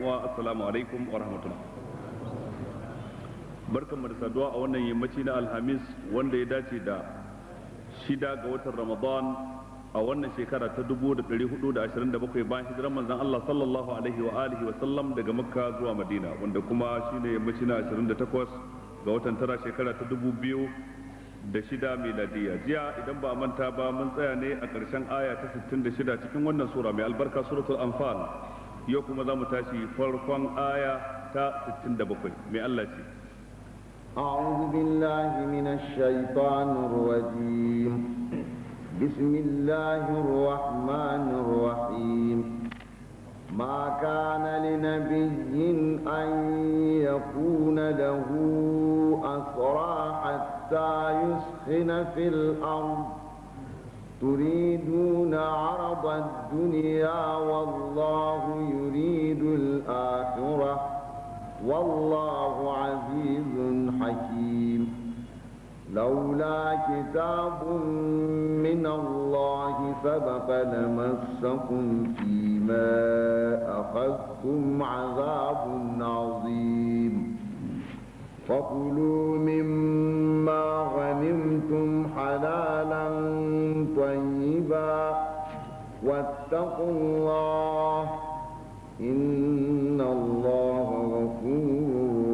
wa assalamu alaikum wa rahmatullah barkanmu da saduwa a wannan yammaci na alhamis wanda ya dace da shida ga watan ramadan a wannan shekara ta 1427 bayan hijiran manzon Allah sallallahu alaihi wa alihi wa sallam daga makka zuwa madina wanda kuma shine yammaci na 28 ga watan tara shekara ta 2000 da shida miladiya jiya idan ba a manta ba mun tsaya ne a ƙarshen aya ta 66 cikin wannan sura mai albarka suratul anfal yau kuma za mu tashi farkon aya ta 67 mai Allah ce أعوذ بالله من الشيطان الرجيم بسم الله الرحمن الرحيم ما كان لنبي أن يكون له أسرى حتى يسخن في الأرض تريدون عرض الدنيا والله يريد الآخرة والله عزيز حكيم لولا كتاب من الله سبق لمسكم فيما أخذتم عذاب عظيم فكلوا من واتقوا الله إن الله غفور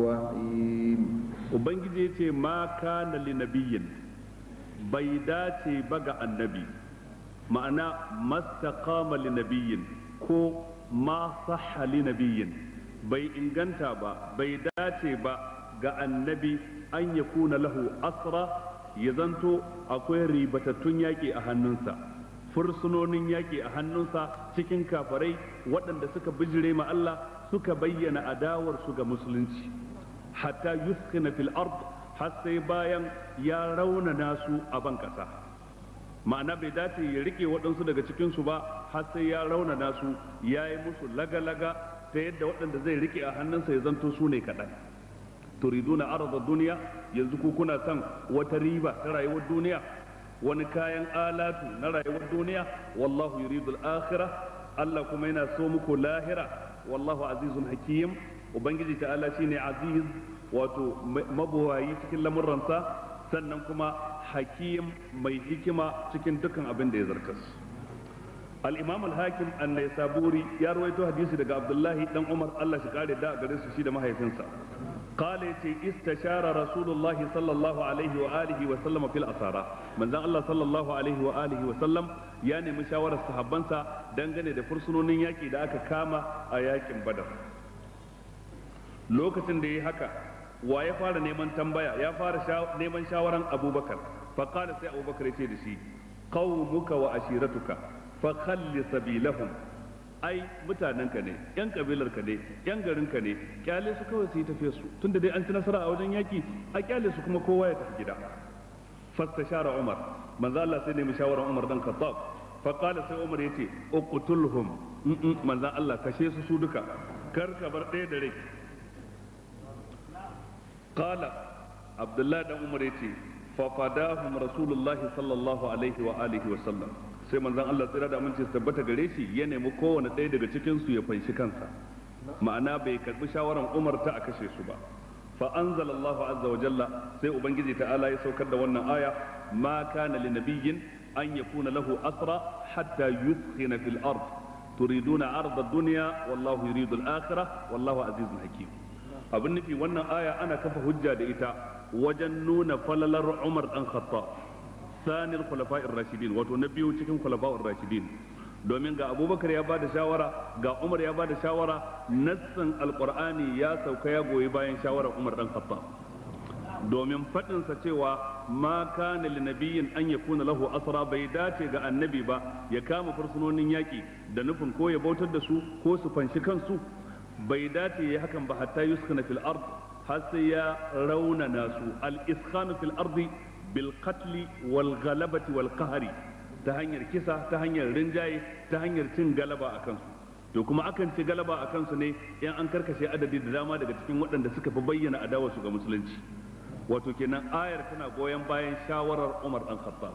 رحيم وبنجي ما كان لنبي بيداتي بقى النبي معنى ما استقام لنبي كو ما صح لنبي bai inganta ba bai dace ba ga annabi an ya kuna lahu asra ya zanto akwai ribatattun yaƙi a hannunsa fursunonin yaƙi a hannunsa cikin kafarai waɗanda suka bijire ma Allah suka bayyana adawarsu ga musulunci hatta yuskina fil ard har bayan ya raunana su a ban ƙasa ma'ana bai dace ya rike waɗansu daga cikinsu ba har sai ya raunana su ya yi musu laga-laga ta yadda waɗanda zai rike a hannunsa ya zanto su ne kaɗan turiduna arda duniya yanzu ku kuna son wata riba ta rayuwar duniya wani kayan alatu na rayuwar duniya wallahu yuridu al-akhirah Allah kuma yana so muku lahira wallahu azizun hakim ubangiji ta'ala shine aziz wato mabuwayi cikin lamuransa sannan kuma hakim mai hikima cikin dukkan abin da ya zartas al-imam al-hakim an-naisaburi ya rawaito hadisi daga abdullahi dan umar Allah shi kare da gare su shi da mahaifinsa qala yace istashara rasulullahi sallallahu alaihi wa alihi wa sallam fil asara manzon Allah sallallahu alaihi wa alihi wa sallam ya nemi shawarar sahabansa dangane da fursunonin yaki da aka kama a yakin badar lokacin da yayi haka wa ya fara neman tambaya ya fara neman shawaran abubakar fa sai abubakar ya ce da shi muka wa ashiratuka fa khalli ai mutanen ne yan kabilarka ka ne yan garin ka ne kyale su kawai su yi tafiya su tunda dai an ci nasara a wajen yaki a kyale su kuma kowa ya tafi gida fastashara umar manzo Allah sai nemi shawaran umar dan khattab fa qala sai umar yace uqtulhum manzo Allah kashe su su duka kar ka bar ɗaya da rai qala abdullahi dan umar yace fa qadahum rasulullahi sallallahu alaihi wa alihi wa sallam sai manzon Allah tsira da aminci tabbata gare shi ya nemi kowane ɗaya daga cikin su ya fanshi kansa ma'ana bai karbi shawaran Umar ta a kashe su ba fa anzalallahu azza wa jalla sai ubangiji ta'ala ya saukar da wannan aya ma kana linabiyyin an yakuna lahu asra hatta yuskhina fil ard turiduna arda dunya wallahu yuridu al akhirah wallahu azizun hakim abin nufi wannan aya ana kafa hujja da ita wajen nuna falalar Umar dan Khattab sanil khulafa'ir rashidin wato na biyu cikin khulafa'ur rashidin domin ga abubakar ya bada shawara ga umar ya bada shawara nassin alqur'ani ya sauka ya goyi bayan shawarar umar dan khattab domin faɗinsa cewa ma kana li nabiyin an yakuna lahu asra bai dace ga annabi ba ya kama fursunonin yaki da nufin ko ya bautar da su ko su fanshi kansu bai dace ya hakan ba hatta yuskana fil ard har sai ya raunana su al iskanu fil ardi bilkatli qatli wal ta hanyar kisa ta hanyar rinjaye ta hanyar cin galaba a kansu to kuma akan ci galaba a kansu ne in an karkashe adadi da dama daga cikin waɗanda suka fi bayyana adawasu su ga musulunci wato kenan ayar tana goyon bayan shawarar Umar dan Khattab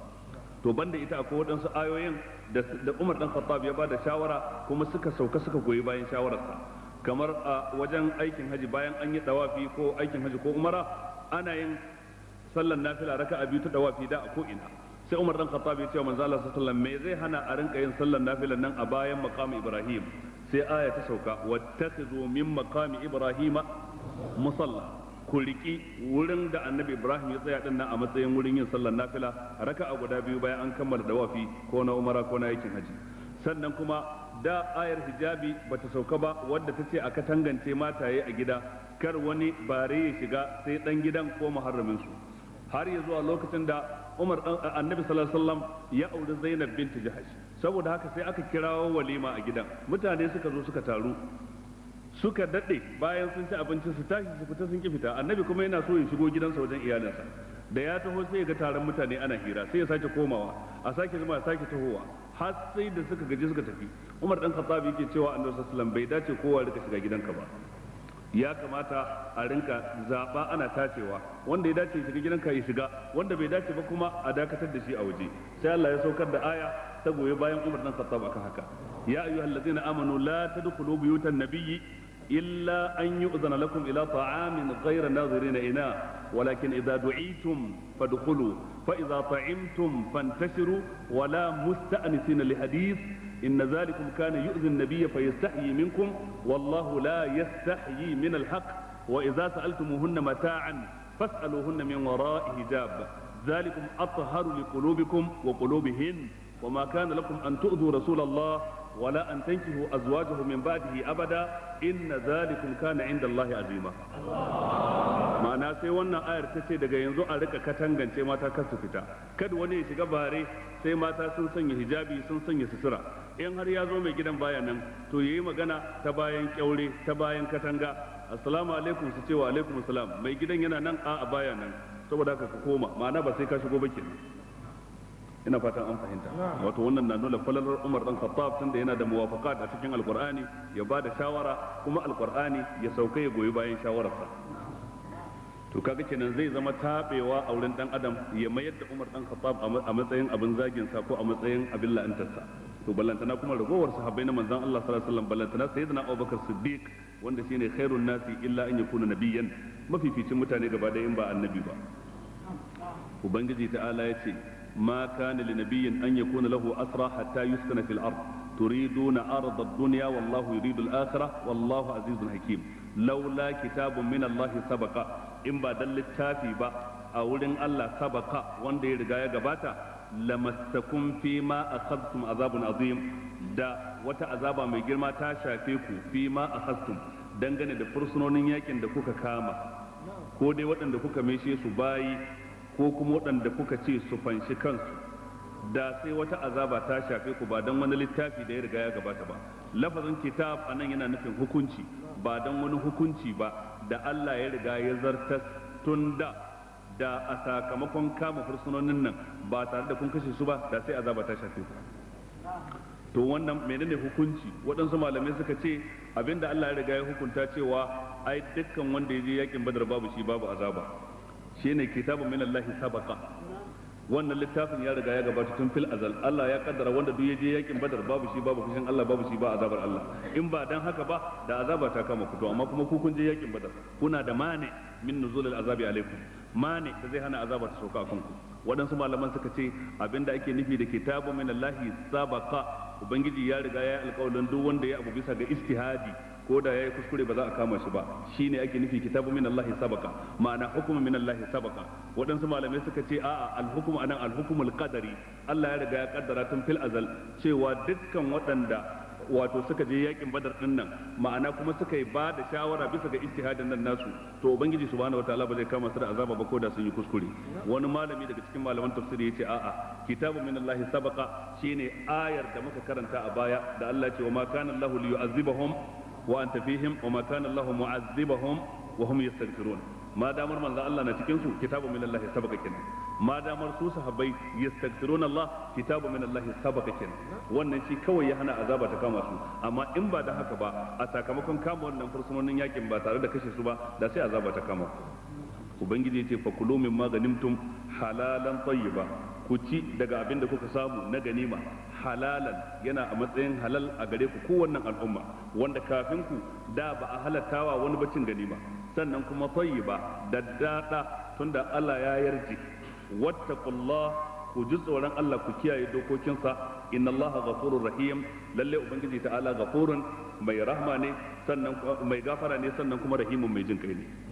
to banda ita akwai waɗansu ayoyin da Umar dan Khattab ya bada shawara kuma suka sauka suka goyi bayan shawararsa kamar a wajen aikin haji bayan an yi dawafi ko aikin haji ko umara ana yin sallan nafila raka biyu ta dawafi da a ko ina sai Umar dan Khattab ya ce wa manzo sallallahu alaihi wasallam me zai hana a rinka yin sallan nafila nan a bayan maqam Ibrahim sai aya ta sauka wattakhizu min maqami Ibrahim musalla ku riki wurin da annabi ibrahim ya tsaya din nan a matsayin wurin yin sallan nafila a guda biyu bayan an kammala dawafi ko na umara ko na aikin haji sannan kuma da ayar hijabi bata sauka ba wadda ta ce a katangance mataye a gida kar wani bare ya shiga sai dan gidan ko muharramin su har ya zuwa lokacin da Umar eh, eh, Annabi sallallahu alaihi wasallam ya auri Zainab binti Jahash saboda haka sai aka kirawo walima a gidan mutane suka zo suka taru suka dade bayan sun ci abincin su tashi su fita sun ki fita Annabi kuma yana so ya shigo gidansa wajen iyalinsa da ya taho sai ya ga taron mutane ana hira sai ya sake komawa a sake zama a sake tahowa har sai da suka gaji suka tafi Umar dan Khattab yake cewa Annabi sallallahu alaihi wasallam bai dace kowa rika shiga gidanka ba ya kamata a rinka zaɓa ana tacewa wanda ya dace shiga gidan ka ya shiga wanda bai dace ba kuma a dakatar da shi a waje sai Allah ya saukar da aya ta goye bayan Umar dan Khattab akan haka ya ayyuhallazina amanu la tadkhulu buyutan nabiyyi illa an yu'zana lakum ila ta'amin ghayra nadhirina ina walakin idza du'itum fadkhulu fa idza ta'imtum fantashiru wala musta'nisina li hadith إن ذلكم كان يؤذي النبي فيستحيي منكم والله لا يستحيي من الحق وإذا سألتموهن متاعا فاسألوهن من وراء حجاب ذلكم أطهر لقلوبكم وقلوبهن وما كان لكم أن تؤذوا رسول الله ولا أن تنكحوا أزواجه من بعده أبدا إن ذلكم كان عند الله عظيما ما ناسي wannan ayar ta ce ينزو yanzu a rika katangance mata kar وني fita kada wani ya shiga bare sai mata sun sanya in har ya zo mai gidan baya nan to yi magana ta bayan kyaure ta bayan katanga assalamu alaikum su ce wa alaikum salam mai gidan yana nan a a baya nan saboda haka ka koma ma'ana ba sai ka shigo ba ke. ina fatan an fahimta wato wannan na nuna falalar Umar dan Khattab tunda yana da muwafaqat a cikin alqur'ani ya bada shawara kuma alqur'ani ya sauka ya goyi bayan shawararsa to kaga kenan zai zama tabewa a wurin dan adam ya mayar da Umar dan Khattab a matsayin abin zagin sa ko a matsayin abin la'antarsa to ballantana kuma ragowar sahabbai na manzon Allah sallallahu alaihi wasallam ballantana sayyidina Abubakar Siddiq wanda shine khairun nasi illa an yakuna nabiyyan mafificin mutane gaba ɗaya in ba annabi ba ubangiji ta'ala ya ce ma kana li nabiyyin an yakuna lahu asra hatta yuskana fil ard turiduna arda ad-dunya wallahu yuridu al-akhirah wallahu azizun hakim laula kitabun min Allah sabaqa in ba dan littafi ba a wurin Allah sabaka wanda ya riga ya gabata lamassakum fi ma akhadtum azabun azim da wata azaba mai girma ta shafe ku fi ma akhadtum dangane da fursunonin yakin da kuka kama ko dai waɗanda kuka meshe su bayi ko kuma waɗanda kuka ce su fanshi kansu da sai wata azaba ta shafe ku ba don wani littafi da ya riga ya gabata ba lafazin kitab anan yana nufin hukunci ba don wani hukunci ba da Allah ya riga ya zartas tun da da a sakamakon kama fursunonin nan ba tare da kun kashe su ba da sai azaba ta shafe ku to wannan menene hukunci waɗansu malamai suka ce abinda Allah ya riga ya hukunta cewa ai dukkan wanda ya je yakin badar babu shi babu azaba shine kitabun min Allah sabaqa wannan littafin ya riga ya gabata tun fil azal Allah ya kaddara wanda duk yaje yakin badar babu shi babu kushin Allah babu shi ba azabar Allah in ba dan haka ba da azaba ta kama ku to amma kuma ku kun je yakin badar kuna da mane min al azabi alaikum mane da zai hana azaba ta sauka kanku waɗansu malaman suka ce abinda ake nufi da kitabu min Allah sabaqa ubangiji ya riga ya alƙawarin duk wanda ya abu bisa ga istihadi ko da yayi kuskure ba za a kama shi ba shine ake nufi kitabu min Allah sabaka ma'ana hukumu min Allah sabaka waɗansu malamai suka ce a'a al-hukmu anan al-hukmul qadari Allah ya riga ya kaddara tun fil azal cewa dukkan waɗanda wato suka je yakin badar din nan ma'ana kuma suka yi ba da shawara bisa ga ijtihadin nan nasu to ubangiji subhanahu wataala ba zai kama su da azaba ba ko da sun yi kuskure wani malami daga cikin malaman tafsiri yace a'a kitabu min Allah sabaqa shine ayar da muka karanta a baya da Allah ya ce wa ma kana Allah liyu'azzibahum wa an fihim wa ma kana Allah mu'azzibahum wa hum yastaghfirun ma damar manzo Allah na cikin su kitabu min Allah sabaka kin ma damar su sahabbai yastaghfirun Allah kitabu min Allah sabaka kin wannan shi kawai ya hana azaba ta kama su amma in ba da haka ba a sakamakon kama wannan fursunonin yakin ba tare da kashe su ba da sai azaba ta kama ubangiji ya ce fakulu min ma ganimtum halalan ba. ku ci daga abin da kuka samu na ganima halalan yana a matsayin halal a gare ku kowannan al'umma wanda kafin ku da ba a halattawa wani bacin ganima sannan kuma ba da daɗa tunda Allah ya yarje kulla ku ji tsoron Allah ku kiyaye dokokinsa inna Allah ghafurur rahim lalle ubangiji ta'ala ghafurun mai rahma ne sannan mai gafara ne sannan kuma rahimun mai jin kai ne